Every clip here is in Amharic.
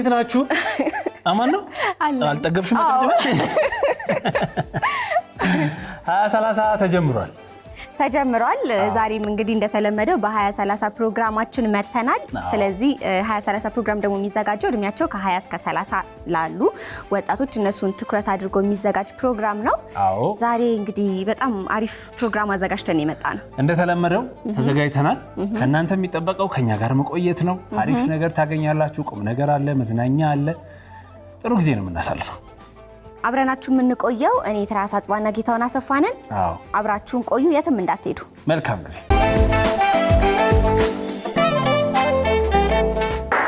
እንዴት ናችሁ? አማን ነው። አልጠገብሽም? ሀያ ሰላሳ ተጀምሯል። ተጀምሯል። ዛሬም እንግዲህ እንደተለመደው በ2030 ፕሮግራማችን መተናል። ስለዚህ 2030 ፕሮግራም ደግሞ የሚዘጋጀው እድሜያቸው ከ20 እስከ 30 ላሉ ወጣቶች እነሱን ትኩረት አድርጎ የሚዘጋጅ ፕሮግራም ነው። ዛሬ እንግዲህ በጣም አሪፍ ፕሮግራም አዘጋጅተን የመጣ ነው። እንደተለመደው ተዘጋጅተናል። ከእናንተ የሚጠበቀው ከኛ ጋር መቆየት ነው። አሪፍ ነገር ታገኛላችሁ። ቁም ነገር አለ፣ መዝናኛ አለ። ጥሩ ጊዜ ነው የምናሳልፈው። አብረናችሁ የምንቆየው እኔ ትራስ አጽባና ጌታውን አሰፋንን። አብራችሁን ቆዩ፣ የትም እንዳትሄዱ። መልካም ጊዜ።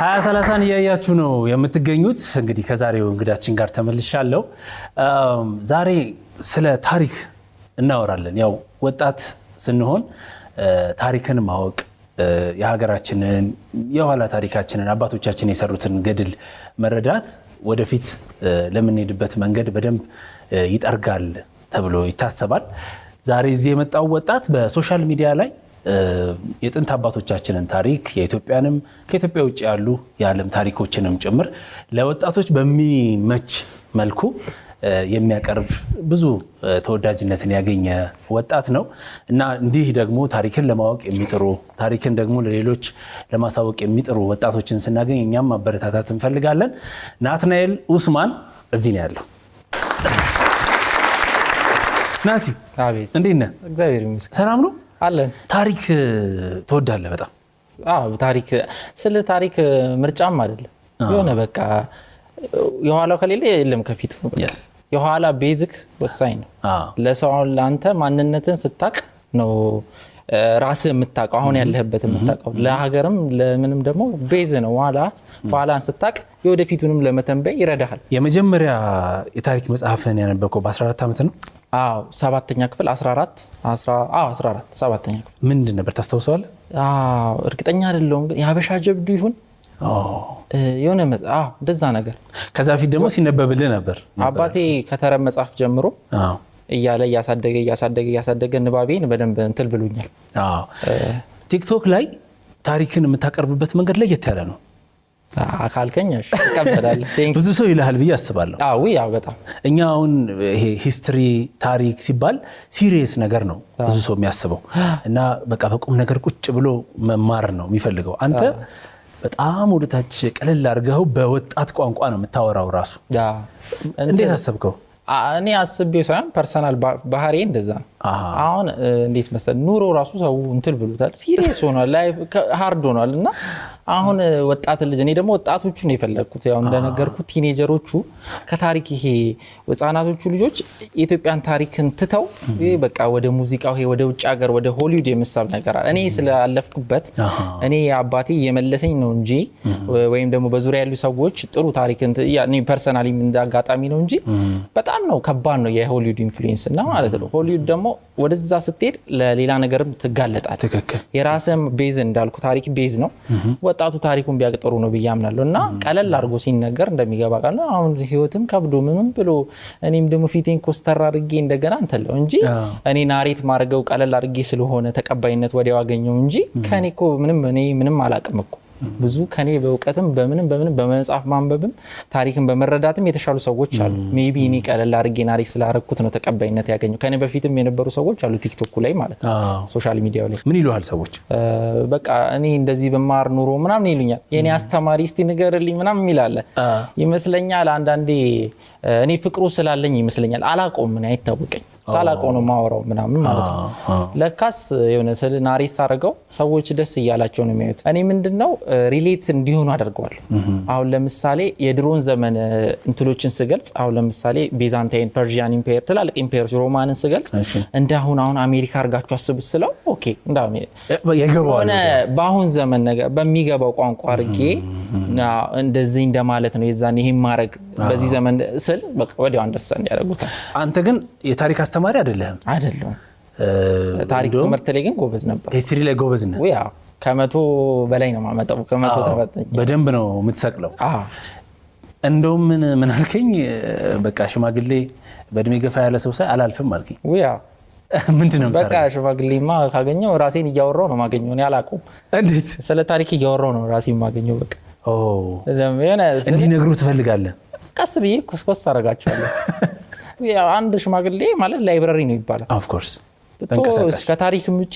ሀያ ሰላሳን እያያችሁ ነው የምትገኙት። እንግዲህ ከዛሬው እንግዳችን ጋር ተመልሻለሁ። ዛሬ ስለ ታሪክ እናወራለን። ያው ወጣት ስንሆን ታሪክን ማወቅ የሀገራችንን የኋላ ታሪካችንን አባቶቻችን የሰሩትን ገድል መረዳት ወደፊት ለምንሄድበት መንገድ በደንብ ይጠርጋል ተብሎ ይታሰባል። ዛሬ እዚህ የመጣው ወጣት በሶሻል ሚዲያ ላይ የጥንት አባቶቻችንን ታሪክ የኢትዮጵያንም ከኢትዮጵያ ውጭ ያሉ የዓለም ታሪኮችንም ጭምር ለወጣቶች በሚመች መልኩ የሚያቀርብ ብዙ ተወዳጅነትን ያገኘ ወጣት ነው እና እንዲህ ደግሞ ታሪክን ለማወቅ የሚጥሩ ታሪክን ደግሞ ለሌሎች ለማሳወቅ የሚጥሩ ወጣቶችን ስናገኝ እኛም ማበረታታት እንፈልጋለን። ናትናኤል ኡስማን እዚህ ነው ያለው። ናቲ እንዴት ነህ? እግዚአብሔር ይመስገን ሰላም ነው አለን። ታሪክ ትወዳለህ በጣም? አዎ ታሪክ ስለ ታሪክ ምርጫም አይደለም የሆነ በቃ የኋላው ከሌለ የለም ከፊቱ የኋላ ቤዚክ ወሳኝ ነው ለሰው ለአንተ ማንነትን ስታቅ ነው ራስ የምታውቀው አሁን ያለህበት የምታውቀው ለሀገርም ለምንም ደግሞ ቤዝ ነው። ኋላ ኋላን ስታቅ የወደፊቱንም ለመተንበይ ይረዳሃል። የመጀመሪያ የታሪክ መጽሐፍን ያነበብከው በ14 ዓመት ነው? አዎ ሰባተኛ ክፍል 14 ሰባተኛ ክፍል ምንድን ነበር ታስታውሰዋለህ? እርግጠኛ አይደለሁም፣ ግን የሀበሻ ጀብዱ ይሁን የሆነ እንደዛ ነገር ከዛ በፊት ደግሞ ሲነበብልህ ነበር። አባቴ ከተረብ መጽሐፍ ጀምሮ እያለ እያሳደገ እያሳደገ እያሳደገ ንባቤን በደንብ እንትል ብሎኛል። ቲክቶክ ላይ ታሪክን የምታቀርብበት መንገድ ለየት ያለ ነው ካልከኝ ብዙ ሰው ይልሃል ብዬ አስባለሁ። በጣም እኛ አሁን ይሄ ሂስትሪ ታሪክ ሲባል ሲሪየስ ነገር ነው ብዙ ሰው የሚያስበው እና በቃ በቁም ነገር ቁጭ ብሎ መማር ነው የሚፈልገው አንተ በጣም ወደታች ቅልል አድርገው በወጣት ቋንቋ ነው የምታወራው። ራሱ እንዴት አሰብከው? እኔ አስቤው ሳይሆን ፐርሰናል ባህሪ እንደዛ ነው። አሁን እንዴት መሰል ኑሮ ራሱ ሰው እንትል ብሎታል፣ ሲሪየስ ሆኗል፣ ሀርድ ሆኗል እና አሁን ወጣት ልጅ እኔ ደግሞ ነው የፈለግኩት ያው እንደነገርኩ ቲኔጀሮቹ ከታሪክ ይሄ ህጻናቶቹ ልጆች የኢትዮጵያን ታሪክን ትተው በቃ ወደ ሙዚቃው ይሄ ወደ ውጭ ሀገር ወደ ሆሊውድ የምሳብ ነገር አለ። እኔ ስላለፍኩበት እኔ አባቴ እየመለሰኝ ነው እንጂ ወይም ደግሞ በዙሪያ ያሉ ሰዎች ጥሩ ታሪክን ፐርሰናሊ አጋጣሚ ነው እንጂ በጣም ነው ከባድ ነው የሆሊውድ ኢንፍሉዌንስ እና ማለት ነው። ሆሊውድ ደግሞ ወደዛ ስትሄድ ለሌላ ነገርም ትጋለጣል። የራስህም ቤዝ እንዳልኩ ታሪክ ቤዝ ነው ወጣቱ ታሪኩን ቢያቅጠሩ ጥሩ ነው ብዬ አምናለሁ እና ቀለል አድርጎ ሲነገር እንደሚገባ ቃል አሁን ህይወትም ከብዶ ምንም ብሎ እኔም ደግሞ ፊቴን ኮስተር አድርጌ እንደገና እንተለው እንጂ እኔ ናሬት ማድረገው ቀለል አድርጌ ስለሆነ ተቀባይነት ወዲያው አገኘው እንጂ ከኔ እኮ ምንም እኔ ምንም አላቅም እኮ ብዙ ከኔ በእውቀትም በምንም በምንም በመጽሐፍ ማንበብም ታሪክን በመረዳትም የተሻሉ ሰዎች አሉ። ሜቢ ቢ እኔ ቀለል አድርጌ ናሪ ስላረኩት ነው ተቀባይነት ያገኘው። ከኔ በፊትም የነበሩ ሰዎች አሉ፣ ቲክቶኩ ላይ ማለት ነው፣ ሶሻል ሚዲያው ላይ ምን ይሉሃል ሰዎች? በቃ እኔ እንደዚህ ብማር ኑሮ ምናምን ይሉኛል። የኔ አስተማሪ እስቲ ንገርልኝ ምናምን ይላለ ይመስለኛል። አንዳንዴ እኔ ፍቅሩ ስላለኝ ይመስለኛል፣ አላቆም ምን አይታወቀኝ ሳላውቀው ነው ማወራው ምናምን ማለት ነው። ለካስ የሆነ ስል ናሬት አድርገው ሰዎች ደስ እያላቸው ነው የሚያዩት። እኔ ምንድን ነው ሪሌት እንዲሆኑ አደርገዋለሁ። አሁን ለምሳሌ የድሮን ዘመን እንትሎችን ስገልጽ አሁን ለምሳሌ ቤዛንታይን፣ ፐርዥያን ኢምፔር ትላልቅ ኢምፔሮች ሮማንን ስገልጽ እንደ አሁን አሁን አሜሪካ አድርጋችሁ አስቡ ስለው ኦኬ ሆነ በአሁን ዘመን ነገር በሚገባው ቋንቋ አድርጌ እንደዚህ እንደማለት ነው የዛን ይህም ማድረግ በዚህ ዘመን ስል ወዲያው አንደርስታንድ ያደርጉታል። አንተ ግን የታሪክ አስተማሪ አይደለህም? አይደለሁም። ታሪክ ትምህርት ላይ ግን ጎበዝ ነበር። ሂስትሪ ላይ ጎበዝ ነህ? ከመቶ በላይ ነው የማመጣው። ከመቶ ተፈተኝ በደንብ ነው የምትሰቅለው። እንደውም ምን ምን አልከኝ፣ በቃ ሽማግሌ በእድሜ ገፋ ያለ ሰው ሳይ አላልፍም አልከኝ። ምንድን ነው በቃ ሽማግሌማ ካገኘው ራሴን እያወራው ነው ማገኘው። እኔ አላውቀውም። እንዴት ስለ ታሪክ እያወራው ነው ራሴን ማገኘው። በቃ እንዲነግሩ ትፈልጋለን ቀስ ብዬ ኮስኮስ አደርጋቸዋለሁ። አንድ ሽማግሌ ማለት ላይብራሪ ነው ይባላል። ኦፍኮርስ ከታሪክም ውጭ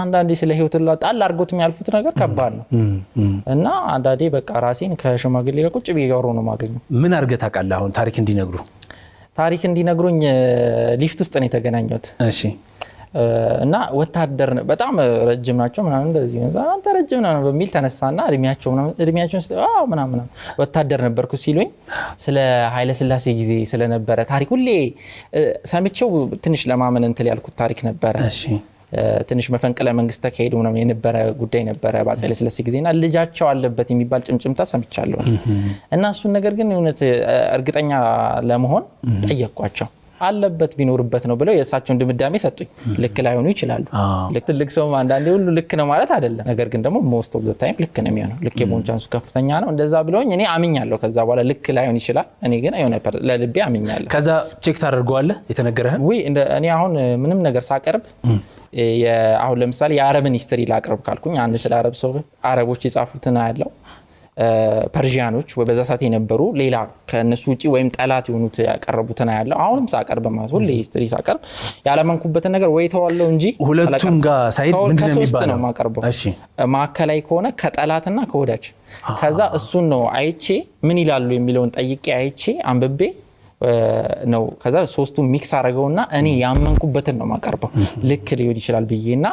አንዳንዴ ስለ ህይወት ጣል አድርጎት የሚያልፉት ነገር mm-hmm. ከባድ ነው mm-hmm. Mm-hmm. እና አንዳንዴ በቃ ራሴን ከሽማግሌ ጋር ቁጭ ብዬ ጋር ነው የማገኘው። ምን አድርገህ ታውቃለህ? አሁን ታሪክ እንዲነግሩ ታሪክ እንዲነግሩኝ ሊፍት ውስጥ ነው የተገናኘሁት። እና ወታደር በጣም ረጅም ናቸው ምናምን እንደዚህ አንተ ረጅም ነው በሚል ተነሳና እድሜያቸው ምናምን ወታደር ነበርኩ ሲሉኝ ስለ ኃይለስላሴ ጊዜ ስለነበረ ታሪክ ሁሌ ሰምቼው ትንሽ ለማመን እንትል ያልኩት ታሪክ ነበረ። ትንሽ መፈንቅለ መንግስት ተካሄዶ ምናምን የነበረ ጉዳይ ነበረ በአፄ ኃይለስላሴ ጊዜና ልጃቸው አለበት የሚባል ጭምጭምታ ሰምቻለሁ። እና እሱን ነገር ግን እውነት እርግጠኛ ለመሆን ጠየቅኳቸው። አለበት ቢኖርበት ነው ብለው የእሳቸውን ድምዳሜ ሰጡኝ። ልክ ላይሆኑ ይችላሉ። ትልቅ ሰው አንዳንዴ ሁሉ ልክ ነው ማለት አይደለም። ነገር ግን ደግሞ ሞስት ኦፍ ዘ ታይም ልክ ነው የሚሆነው። ልክ የመሆን ቻንሱ ከፍተኛ ነው። እንደዛ ብለውኝ እኔ አምኛለሁ። ከዛ በኋላ ልክ ላይሆን ይችላል። እኔ ግን የሆነ ለልቤ አምኛለሁ። ከዛ ቼክ ታደርገዋለህ የተነገረህን። እኔ አሁን ምንም ነገር ሳቀርብ አሁን ለምሳሌ የአረብን ሂስትሪ ላቅርብ ካልኩኝ አንድ ስለ አረብ ሰው አረቦች የጻፉትን አያለው ፐርዥያኖች በዛ ሰዓት የነበሩ ሌላ ከእነሱ ውጭ ወይም ጠላት የሆኑት ያቀረቡትን ያለው አሁንም ሳቀርብ ማለት ሁ ሂስትሪ ሳቀርብ ያለመንኩበትን ነገር ወይ ተዋለው እንጂ ሁለቱም ጋር ሳይድ ምንድን ነው የሚባለው ማቀርበው ማዕከላዊ ከሆነ ከጠላትና ከወዳጅ ከዛ እሱን ነው አይቼ ምን ይላሉ የሚለውን ጠይቄ አይቼ አንብቤ ነው ከዛ ሶስቱ ሚክስ አድርገውና እኔ ያመንኩበትን ነው ማቀርበው ልክ ሊሆን ይችላል ብዬ እና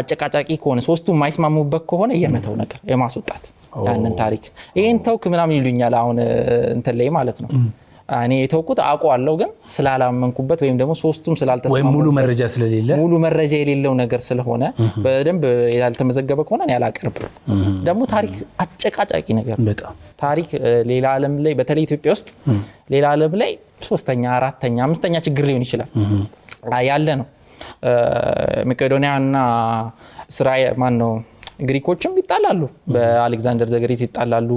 አጨቃጫቂ ከሆነ ሶስቱ የማይስማሙበት ከሆነ የመተው ነገር የማስወጣት ያንን ታሪክ ይህን ተውክ ምናምን ይሉኛል። አሁን እንትን ላይ ማለት ነው እኔ የተውኩት አውቀዋለሁ፣ ግን ስላላመንኩበት ወይም ደግሞ ሶስቱም ስላልተስማሙ ሙሉ መረጃ ስለሌለ ሙሉ መረጃ የሌለው ነገር ስለሆነ በደንብ ያልተመዘገበ ከሆነ ያላቀርብ። ደግሞ ታሪክ አጨቃጫቂ ነገር ታሪክ ሌላ ዓለም ላይ በተለይ ኢትዮጵያ ውስጥ ሌላ ዓለም ላይ ሶስተኛ፣ አራተኛ፣ አምስተኛ ችግር ሊሆን ይችላል ያለ ነው። መቄዶንያና እስራኤል ማን ነው ግሪኮችም ይጣላሉ፣ በአሌክዛንደር ዘግሬት ይጣላሉ።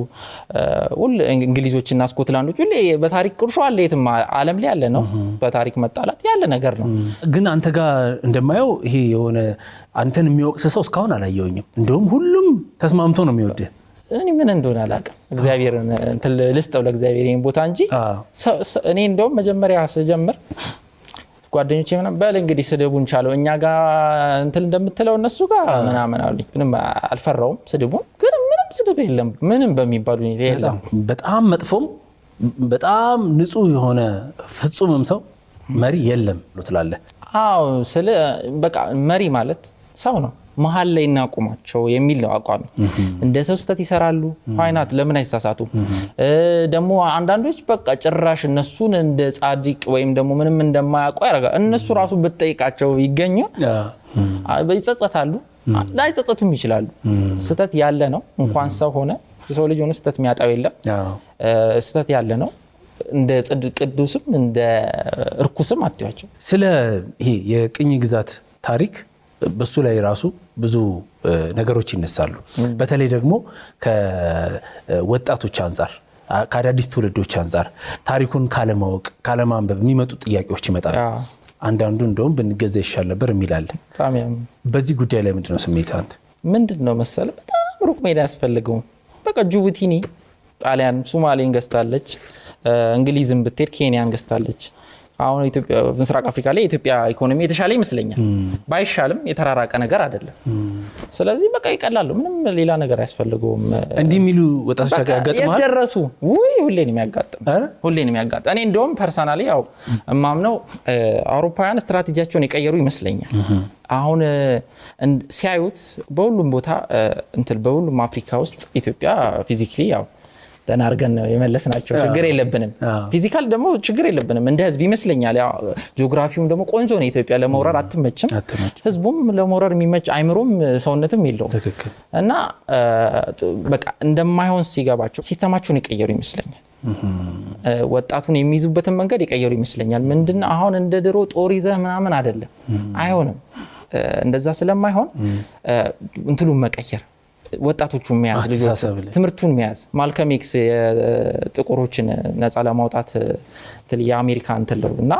እንግሊዞችና ስኮትላንዶች በታሪክ ቁርሾ አለ፣ የትም ዓለም ላይ ያለ ነው። በታሪክ መጣላት ያለ ነገር ነው። ግን አንተ ጋር እንደማየው ይሄ የሆነ አንተን የሚወቅስ ሰው እስካሁን አላየውኝም። እንደውም ሁሉም ተስማምቶ ነው የሚወድህ። እኔ ምን እንደሆነ አላውቅም። እግዚአብሔርን ልስጠው ለእግዚአብሔር ቦታ እንጂ እኔ እንደውም መጀመሪያ ስጀምር ጓደኞች ምናምን በል እንግዲህ ስድቡን ቻለው እኛ ጋር እንትን እንደምትለው እነሱ ጋር ምናምን አሉኝ። ምንም አልፈራውም ስድቡን ግን ምንም ስድብ የለም ምንም በሚባሉ የለም። በጣም መጥፎም በጣም ንጹህ የሆነ ፍጹምም ሰው መሪ የለም ትላለህ? አዎ ስለ በቃ መሪ ማለት ሰው ነው መሀል ላይ እናቁማቸው የሚል ነው አቋሚ። እንደ ሰው ስህተት ይሰራሉ፣ ይናት ለምን አይሳሳቱም? ደግሞ አንዳንዶች በቃ ጭራሽ እነሱን እንደ ጻድቅ ወይም ደግሞ ምንም እንደማያውቁ ያደርጋል። እነሱ ራሱ ብትጠይቃቸው ይገኙ ይጸጸታሉ፣ ላይጸጸቱም ይችላሉ። ስህተት ያለ ነው። እንኳን ሰው ሆነ የሰው ልጅ ሆነ ስህተት የሚያጣው የለም። ስህተት ያለ ነው። እንደ ቅዱስም እንደ እርኩስም አትያቸው። ስለ ይሄ የቅኝ ግዛት ታሪክ በሱ ላይ ራሱ ብዙ ነገሮች ይነሳሉ። በተለይ ደግሞ ከወጣቶች አንጻር ከአዳዲስ ትውልዶች አንጻር ታሪኩን ካለማወቅ ካለማንበብ የሚመጡ ጥያቄዎች ይመጣሉ። አንዳንዱ እንደውም ብንገዛ ይሻል ነበር የሚላል። በዚህ ጉዳይ ላይ ምንድነው ስሜት አንተ? ምንድን ነው መሰለ በጣም ሩቅ ሜዳ ያስፈልገውም። በቃ ጅቡቲኒ ጣሊያን ሱማሌን ገዝታለች፣ እንግሊዝን ብትሄድ ኬንያን ገዝታለች። አሁን ምስራቅ አፍሪካ ላይ የኢትዮጵያ ኢኮኖሚ የተሻለ ይመስለኛል። ባይሻልም የተራራቀ ነገር አይደለም። ስለዚህ በቃ ይቀላሉ። ምንም ሌላ ነገር ያስፈልገውም እንዲህ የሚሉ ወጣቶች ውይ ሁሌን የሚያጋጥም ሁሌን የሚያጋጥም እኔ እንደውም ፐርሰናሊ ያው እማምነው አውሮፓውያን ስትራቴጂያቸውን የቀየሩ ይመስለኛል። አሁን ሲያዩት በሁሉም ቦታ እንትን በሁሉም አፍሪካ ውስጥ ኢትዮጵያ ፊዚክሊ ያው ደህና አድርገን ነው የመለስናቸው። ችግር የለብንም። ፊዚካል ደግሞ ችግር የለብንም እንደ ህዝብ ይመስለኛል። ጂኦግራፊውም ደግሞ ቆንጆ ነው። ኢትዮጵያ ለመውረር አትመችም፣ ህዝቡም ለመውረር የሚመች አይምሮም ሰውነትም የለው እና በቃ እንደማይሆን ሲገባቸው ሲስተማቸውን የቀየሩ ይመስለኛል። ወጣቱን የሚይዙበትን መንገድ የቀየሩ ይመስለኛል። ምንድነው አሁን እንደ ድሮ ጦር ይዘህ ምናምን አይደለም አይሆንም። እንደዛ ስለማይሆን እንትሉን መቀየር ወጣቶቹን መያዝ፣ ትምህርቱን መያዝ። ማልከም ኤክስ የጥቁሮችን ነፃ ለማውጣት የአሜሪካ እንትለው እና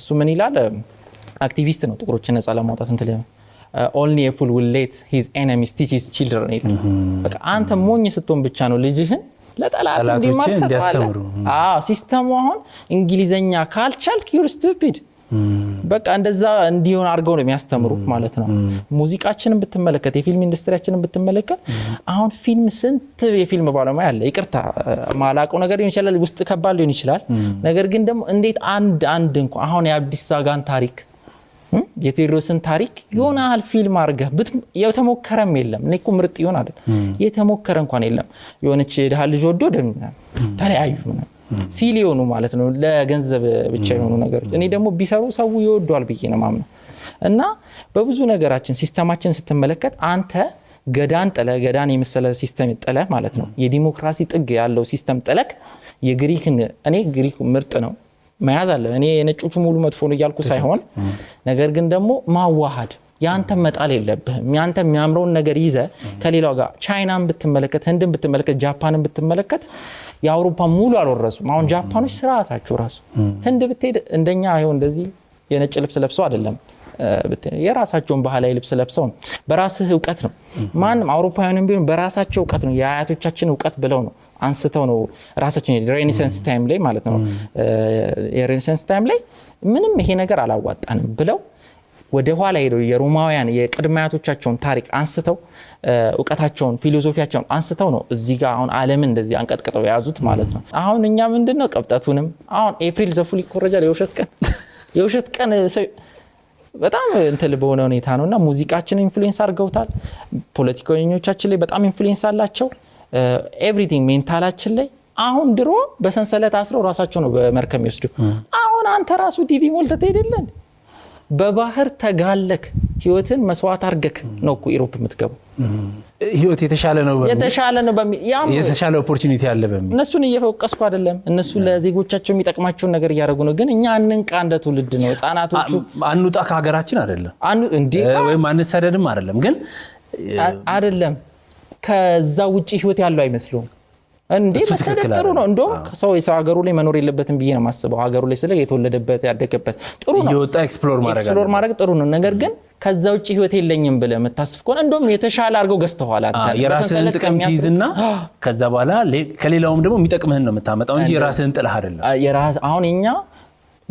እሱ ምን ይላል? አክቲቪስት ነው። ጥቁሮችን ነፃ ለማውጣት እንትል ኦንሊ የፉል ውሌት ሂዝ ኤነሚስ ቲች ቺልድረን ይላል። በቃ አንተ ሞኝ ስትሆን ብቻ ነው ልጅህን ለጠላት እንዲማር ሲስተሙ አሁን እንግሊዘኛ ካልቻልክ ዩር ስቱፒድ በቃ እንደዛ እንዲሆን አድርገው ነው የሚያስተምሩት ማለት ነው። ሙዚቃችንን ብትመለከት የፊልም ኢንዱስትሪያችንን ብትመለከት አሁን ፊልም ስንት የፊልም ባለሙያ አለ። ይቅርታ ማላውቀው ነገር ሊሆን ይችላል፣ ውስጥ ከባድ ሊሆን ይችላል። ነገር ግን ደግሞ እንዴት አንድ አንድ እንኳ አሁን የአዲስ ጋን ታሪክ የቴዎድሮስን ታሪክ የሆነ ያህል ፊልም አድርገህ የተሞከረም የለም። እኔ እኮ ምርጥ ይሆን አይደል የተሞከረ እንኳን የለም። የሆነች ድሃ ልጅ ወዶ ደ ተለያዩ ሲል የሆኑ ማለት ነው ለገንዘብ ብቻ የሆኑ ነገሮች እኔ ደግሞ ቢሰሩ ሰው ይወዷል ብዬ ነው ማምነው እና በብዙ ነገራችን ሲስተማችን ስትመለከት አንተ ገዳን ጥለ ገዳን የመሰለ ሲስተም ጥለ ማለት ነው የዲሞክራሲ ጥግ ያለው ሲስተም ጥለክ የግሪክን እኔ ግሪክ ምርጥ ነው መያዝ አለ እኔ የነጮቹ ሙሉ መጥፎ ነው እያልኩ ሳይሆን ነገር ግን ደግሞ ማዋሃድ የአንተ መጣል የለብህም። የአንተ የሚያምረውን ነገር ይዘ ከሌላው ጋር ቻይናን ብትመለከት፣ ህንድን ብትመለከት፣ ጃፓንን ብትመለከት የአውሮፓ ሙሉ አልወረሱም። አሁን ጃፓኖች ስርዓታቸው ራሱ ህንድ ብትሄድ እንደኛ ይኸው እንደዚህ የነጭ ልብስ ለብሰው አይደለም የራሳቸውን ባህላዊ ልብስ ለብሰው ነው። በራስህ እውቀት ነው። ማንም አውሮፓውያንም ቢሆን በራሳቸው እውቀት ነው። የአያቶቻችን እውቀት ብለው ነው አንስተው ነው ራሳቸው ሬኔሰንስ ታይም ላይ ማለት ነው የሬኔሰንስ ታይም ላይ ምንም ይሄ ነገር አላዋጣንም ብለው ወደ ኋላ ሄደው የሮማውያን የቅድመ አያቶቻቸውን ታሪክ አንስተው እውቀታቸውን ፊሎሶፊያቸውን አንስተው ነው እዚህ ጋር አሁን ዓለምን እንደዚህ አንቀጥቅጠው የያዙት ማለት ነው። አሁን እኛ ምንድን ነው ቀብጠቱንም አሁን ኤፕሪል ዘፉል ይኮረጃል የውሸት ቀን የውሸት ቀን በጣም እንትል በሆነ ሁኔታ ነው እና ሙዚቃችን ኢንፍሉዌንስ አድርገውታል። ፖለቲከኞቻችን ላይ በጣም ኢንፍሉዌንስ አላቸው። ኤቭሪቲንግ ሜንታላችን ላይ አሁን ድሮ በሰንሰለት አስረው ራሳቸው ነው በመርከብ የሚወስዱ። አሁን አንተ ራሱ ዲቪ ሞልተት ሄደለን በባህር ተጋለክ ህይወትን መስዋዕት አርገክ ነው እኮ ኢሮፕ የምትገቡ ህይወት የተሻለ ነው የተሻለ ነው የተሻለ ኦፖርቹኒቲ አለ በሚል እነሱን እየፈቀስኩ አይደለም። እነሱ ለዜጎቻቸው የሚጠቅማቸውን ነገር እያደረጉ ነው። ግን እኛ አንንቃ እንደ ትውልድ ነው ህጻናቶቹ አንውጣ ከሀገራችን አይደለም ወይም አንሰደድም አይደለም። ግን አይደለም ከዛ ውጭ ህይወት ያለው አይመስሉም እንዴ መሰደድ ጥሩ ነው። እንደውም ሰው የሰው ሀገሩ ላይ መኖር የለበትም ብዬ ነው የማስበው። ሀገሩ ላይ ስለ የተወለደበት ያደገበት ጥሩ ነው፣ እየወጣ ኤክስፕሎር ማድረግ ጥሩ ነው። ነገር ግን ከዛ ውጭ ህይወት የለኝም ብለህ የምታስብ ከሆነ እንደውም የተሻለ አድርገው ገዝተኋል። የራስህን ጥቅም ትይዝና ከዛ በኋላ ከሌላውም ደግሞ የሚጠቅምህን ነው የምታመጣው እንጂ የራስህን ጥለህ አይደለም። አሁን እኛ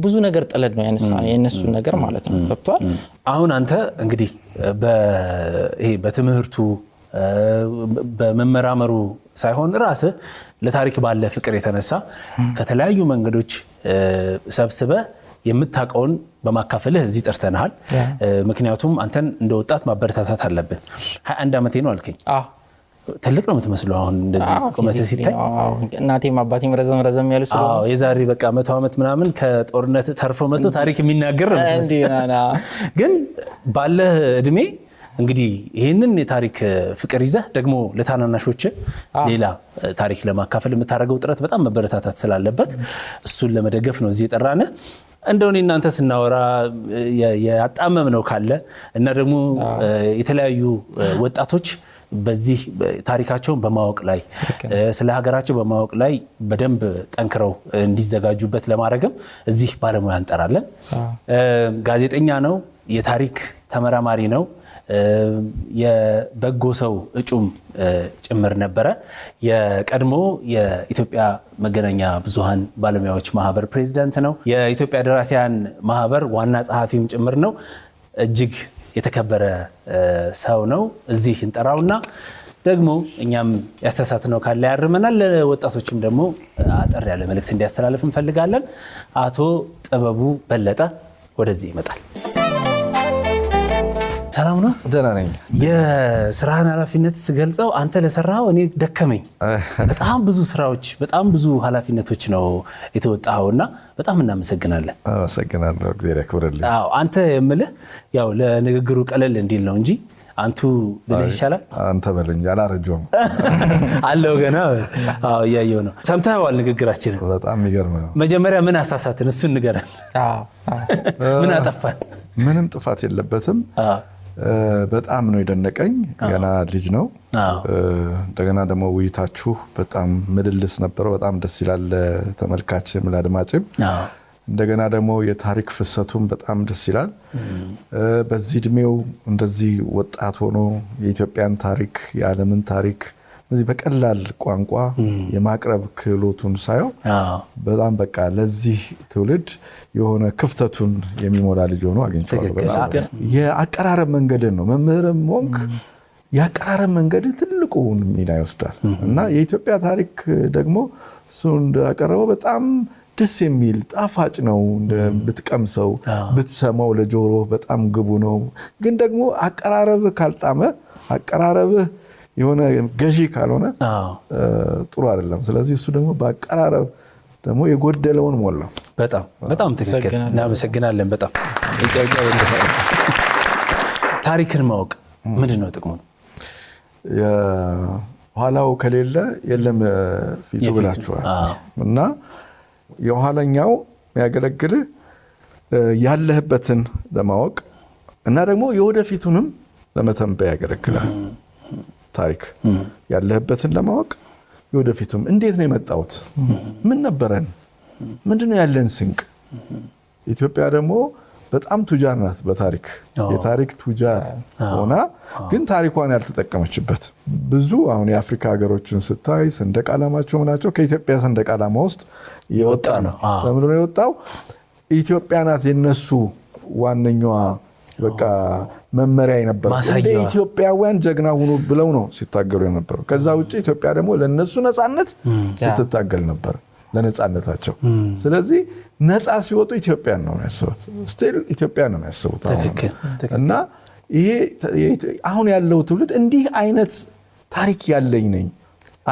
ብዙ ነገር ጥለን ነው ያነሳ የእነሱ ነገር ማለት ነው። ገብቶሃል። አሁን አንተ እንግዲህ በትምህርቱ በመመራመሩ ሳይሆን ራስህ ለታሪክ ባለ ፍቅር የተነሳ ከተለያዩ መንገዶች ሰብስበ የምታውቀውን በማካፈልህ እዚህ ጠርተንሃል። ምክንያቱም አንተን እንደ ወጣት ማበረታታት አለብን። ሀያ አንድ ዓመቴ ነው አልከኝ። ትልቅ ነው የምትመስለው አሁን እንደዚህ ቁመት ሲታይ። እናቴም አባቴም ረዘም ረዘም ያሉ የዛሬ በቃ መቶ ዓመት ምናምን ከጦርነት ተርፎ መቶ ታሪክ የሚናገር ነው ግን ባለህ እድሜ እንግዲህ ይህንን የታሪክ ፍቅር ይዘህ ደግሞ ለታናናሾች ሌላ ታሪክ ለማካፈል የምታደርገው ጥረት በጣም መበረታታት ስላለበት እሱን ለመደገፍ ነው እዚህ የጠራነ እንደሆኔ እናንተ ስናወራ ያጣመም ነው ካለ እና ደግሞ የተለያዩ ወጣቶች በዚህ ታሪካቸውን በማወቅ ላይ ስለ ሀገራቸው በማወቅ ላይ በደንብ ጠንክረው እንዲዘጋጁበት ለማድረግም እዚህ ባለሙያ እንጠራለን። ጋዜጠኛ ነው የታሪክ ተመራማሪ ነው። የበጎ ሰው እጩም ጭምር ነበረ። የቀድሞ የኢትዮጵያ መገናኛ ብዙሃን ባለሙያዎች ማህበር ፕሬዚዳንት ነው። የኢትዮጵያ ደራሲያን ማህበር ዋና ጸሐፊም ጭምር ነው። እጅግ የተከበረ ሰው ነው። እዚህ እንጠራውና ደግሞ እኛም ነው ካለ ያርመናል። ለወጣቶችም ደግሞ አጠር ያለ መልእክት እንዲያስተላልፍ እንፈልጋለን። አቶ ጥበቡ በለጠ ወደዚህ ይመጣል። ሰላም ነው። ደህና ነኝ። የስራህን ኃላፊነት ስገልጸው አንተ ለሰራው እኔ ደከመኝ። በጣም ብዙ ስራዎች፣ በጣም ብዙ ኃላፊነቶች ነው የተወጣኸው እና በጣም እናመሰግናለን። አመሰግናለሁ። እግዚአብሔር ያክብርልኝ። አንተ የምልህ ያው ለንግግሩ ቀለል እንዲል ነው እንጂ አንቱ ብለህ ይሻላል። አንተ በልኝ፣ አላረጀሁም አለው ገና እያየው ነው። ሰምተኸዋል ንግግራችን። በጣም የሚገርም ነው። መጀመሪያ ምን አሳሳትን? እሱን ንገረን። ምን አጠፋን? ምንም ጥፋት የለበትም። በጣም ነው የደነቀኝ። ገና ልጅ ነው። እንደገና ደግሞ ውይይታችሁ በጣም ምልልስ ነበረው። በጣም ደስ ይላል ለተመልካችም ለአድማጭም። እንደገና ደግሞ የታሪክ ፍሰቱም በጣም ደስ ይላል። በዚህ እድሜው እንደዚህ ወጣት ሆኖ የኢትዮጵያን ታሪክ የዓለምን ታሪክ እነዚህ በቀላል ቋንቋ የማቅረብ ክህሎቱን ሳየው በጣም በቃ ለዚህ ትውልድ የሆነ ክፍተቱን የሚሞላ ልጅ ሆኖ አግኝቼዋለሁ። የአቀራረብ መንገድን ነው መምህርም ሞንክ የአቀራረብ መንገድ ትልቁን ሚና ይወስዳል እና የኢትዮጵያ ታሪክ ደግሞ እሱ እንዳቀረበው በጣም ደስ የሚል ጣፋጭ ነው። ብትቀምሰው ብትሰማው ለጆሮ በጣም ግቡ ነው። ግን ደግሞ አቀራረብህ ካልጣመ አቀራረብህ የሆነ ገዢ ካልሆነ ጥሩ አይደለም። ስለዚህ እሱ ደግሞ በአቀራረብ ደግሞ የጎደለውን ሞላው። በጣም በጣም ትክክል። እናመሰግናለን። በጣም ታሪክን ማወቅ ምንድን ነው ጥቅሙ? ኋላው ከሌለ የለም ፊቱ ብላችኋል እና የኋለኛው የሚያገለግልህ ያለህበትን ለማወቅ እና ደግሞ የወደፊቱንም ለመተንበይ ያገለግላል። ታሪክ ያለህበትን ለማወቅ የወደፊቱም እንዴት ነው የመጣሁት፣ ምን ነበረን፣ ምንድነው ያለን ስንቅ። ኢትዮጵያ ደግሞ በጣም ቱጃር ናት። በታሪክ የታሪክ ቱጃር ሆና ግን ታሪኳን ያልተጠቀመችበት ብዙ አሁን የአፍሪካ ሀገሮችን ስታይ ሰንደቅ ዓላማቸው ምናቸው ከኢትዮጵያ ሰንደቅ ዓላማ ውስጥ የወጣ ነው። ለምንድነው የወጣው? ኢትዮጵያ ናት የነሱ ዋነኛዋ በቃ መመሪያ የነበረ ኢትዮጵያውያን ጀግና ሁኑ ብለው ነው ሲታገሉ የነበሩ። ከዛ ውጭ ኢትዮጵያ ደግሞ ለነሱ ነፃነት ስትታገል ነበር ለነፃነታቸው። ስለዚህ ነፃ ሲወጡ ኢትዮጵያን ነው የሚያስቡት፣ ስቲል ኢትዮጵያን ነው የሚያስቡት እና ይሄ አሁን ያለው ትውልድ እንዲህ አይነት ታሪክ ያለኝ ነኝ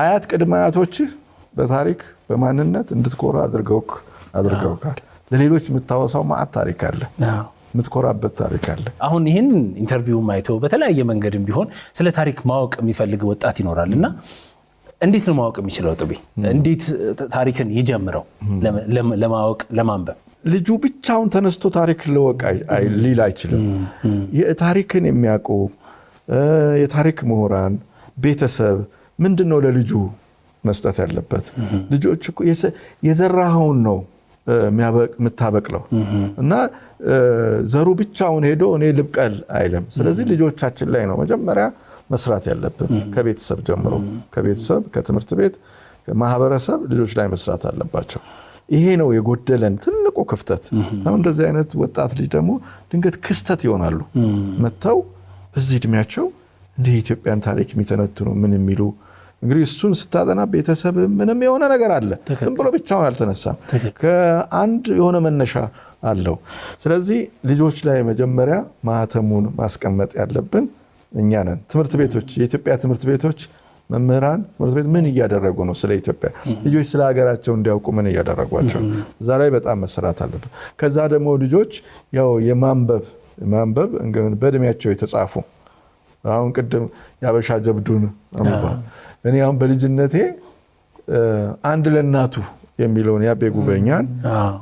አያት ቅድመ አያቶችህ በታሪክ በማንነት እንድትኮራ አድርገውካል። ለሌሎች የምታወሳው ማአት ታሪክ አለ። የምትኮራበት ታሪክ አለ። አሁን ይህን ኢንተርቪው ማይተው በተለያየ መንገድም ቢሆን ስለ ታሪክ ማወቅ የሚፈልግ ወጣት ይኖራል እና እንዴት ነው ማወቅ የሚችለው? ጥቤ እንዴት ታሪክን ይጀምረው ለማወቅ ለማንበብ? ልጁ ብቻውን ተነስቶ ታሪክ ልወቅ ሊል አይችልም። ታሪክን የሚያውቁ የታሪክ ምሁራን፣ ቤተሰብ ምንድን ነው ለልጁ መስጠት ያለበት? ልጆች የዘራኸውን ነው የምታበቅለው እና ዘሩ ብቻውን ሄዶ እኔ ልብቀል አይለም ስለዚህ ልጆቻችን ላይ ነው መጀመሪያ መስራት ያለብን፣ ከቤተሰብ ጀምሮ፣ ከቤተሰብ ከትምህርት ቤት ማህበረሰብ ልጆች ላይ መስራት አለባቸው። ይሄ ነው የጎደለን ትልቁ ክፍተት። አሁን እንደዚህ አይነት ወጣት ልጅ ደግሞ ድንገት ክስተት ይሆናሉ መጥተው በዚህ እድሜያቸው እንዲህ የኢትዮጵያን ታሪክ የሚተነትኑ ምን የሚሉ እንግዲህ እሱን ስታጠና ቤተሰብ ምንም የሆነ ነገር አለ። ዝም ብሎ ብቻውን አልተነሳም። ከአንድ የሆነ መነሻ አለው። ስለዚህ ልጆች ላይ መጀመሪያ ማህተሙን ማስቀመጥ ያለብን እኛ ነን። ትምህርት ቤቶች፣ የኢትዮጵያ ትምህርት ቤቶች መምህራን ትምህርት ቤት ምን እያደረጉ ነው? ስለ ኢትዮጵያ ልጆች ስለ ሀገራቸው እንዲያውቁ ምን እያደረጓቸው? እዛ ላይ በጣም መሰራት አለብን። ከዛ ደግሞ ልጆች ያው የማንበብ ማንበብ በእድሜያቸው የተጻፉ አሁን ቅድም የአበሻ ጀብዱን አንብቧል። እኔ አሁን በልጅነቴ አንድ ለእናቱ የሚለውን የአቤ ጉበኛን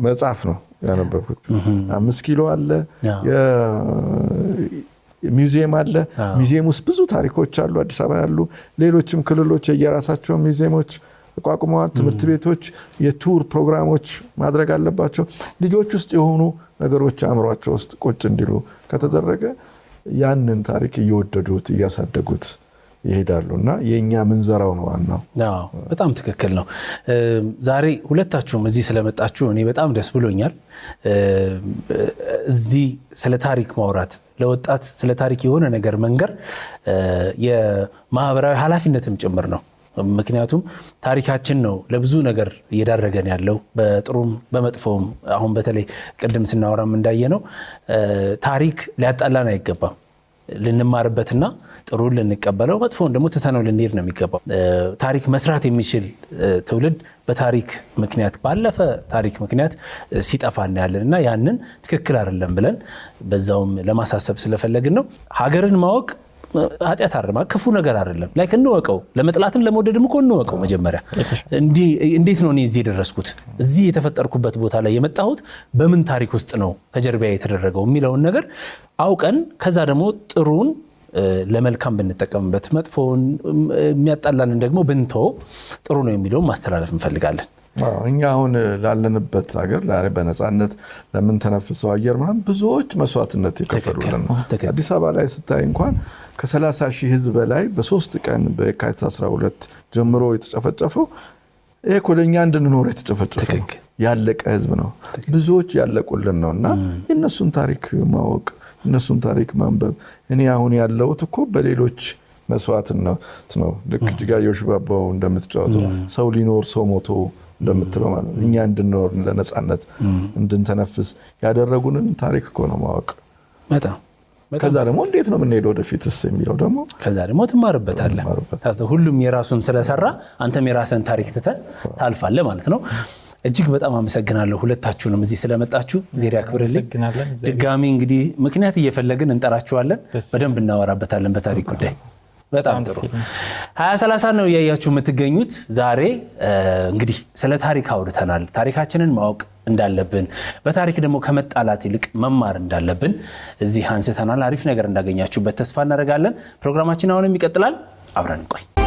መጽሐፍ ነው ያነበብኩት። አምስት ኪሎ አለ ሚውዚየም አለ። ሚውዚየም ውስጥ ብዙ ታሪኮች አሉ። አዲስ አበባ ያሉ ሌሎችም ክልሎች የየራሳቸውን ሚውዚየሞች ተቋቁመዋል። ትምህርት ቤቶች የቱር ፕሮግራሞች ማድረግ አለባቸው። ልጆች ውስጥ የሆኑ ነገሮች አእምሯቸው ውስጥ ቁጭ እንዲሉ ከተደረገ ያንን ታሪክ እየወደዱት እያሳደጉት ይሄዳሉ እና የእኛ ምንዘራው ነው ዋናው። በጣም ትክክል ነው። ዛሬ ሁለታችሁም እዚህ ስለመጣችሁ እኔ በጣም ደስ ብሎኛል። እዚህ ስለ ታሪክ ማውራት ለወጣት ስለ ታሪክ የሆነ ነገር መንገር የማህበራዊ ኃላፊነትም ጭምር ነው። ምክንያቱም ታሪካችን ነው ለብዙ ነገር እየዳረገን ያለው በጥሩም በመጥፎም። አሁን በተለይ ቅድም ስናወራም እንዳየነው ታሪክ ሊያጣላን አይገባም። ልንማርበትና ጥሩን ልንቀበለው መጥፎን ደግሞ ትተነው ልንሄድ ነው የሚገባው። ታሪክ መስራት የሚችል ትውልድ በታሪክ ምክንያት ባለፈ ታሪክ ምክንያት ሲጠፋ እናያለን እና ያንን ትክክል አይደለም ብለን በዛውም ለማሳሰብ ስለፈለግን ነው ሀገርን ማወቅ ኃጢአት አርማ ክፉ ነገር አይደለም። ላይክ እንወቀው፣ ለመጥላትም ለመውደድም እኮ እንወቀው። መጀመሪያ እንዴት ነው እኔ እዚህ የደረስኩት? እዚህ የተፈጠርኩበት ቦታ ላይ የመጣሁት በምን ታሪክ ውስጥ ነው ከጀርቢያ የተደረገው የሚለውን ነገር አውቀን ከዛ ደግሞ ጥሩን ለመልካም ብንጠቀምበት፣ መጥፎውን የሚያጣላንን ደግሞ ብንቶ ጥሩ ነው የሚለውን ማስተላለፍ እንፈልጋለን። እኛ አሁን ላለንበት ሀገር በነፃነት ለምንተነፍሰው አየር ምናምን ብዙዎች መስዋዕትነት የከፈሉልን አዲስ አበባ ላይ ስታይ እንኳን ከ30 ሺህ ህዝብ በላይ በሶስት ቀን በየካቲት 12 ጀምሮ የተጨፈጨፈው ይሄ ኮለኛ እንድንኖር የተጨፈጨፈ ያለቀ ህዝብ ነው። ብዙዎች ያለቁልን ነው እና የእነሱን ታሪክ ማወቅ እነሱን ታሪክ ማንበብ እኔ አሁን ያለሁት እኮ በሌሎች መስዋዕትነት ነው። ልክ ጅጋዮሽ ባባው እንደምትጫወተው ሰው ሊኖር ሰው ሞቶ እንደምትለው ማለት ነው። እኛ እንድንኖር ለነፃነት እንድንተነፍስ ያደረጉንን ታሪክ እኮ ነው ማወቅ በጣም ከዛ ደግሞ እንዴት ነው የምንሄደው ስ የሚለው ደግሞ ከዛ ደግሞ ትማርበታለህ። ሁሉም የራሱን ስለሰራ አንተም የራስን ታሪክ ትተህ ታልፋለህ ማለት ነው። እጅግ በጣም አመሰግናለሁ ሁለታችሁንም እዚህ ስለመጣችሁ እግዜር ያክብርልኝ። ድጋሚ እንግዲህ ምክንያት እየፈለግን እንጠራችኋለን፣ በደንብ እናወራበታለን በታሪክ ጉዳይ። በጣም ጥሩ ሀያ ሰላሳ ነው እያያችሁ የምትገኙት። ዛሬ እንግዲህ ስለ ታሪክ አውርተናል። ታሪካችንን ማወቅ እንዳለብን በታሪክ ደግሞ ከመጣላት ይልቅ መማር እንዳለብን እዚህ አንስተናል። አሪፍ ነገር እንዳገኛችሁበት ተስፋ እናደርጋለን። ፕሮግራማችን አሁንም ይቀጥላል። አብረን ቆይ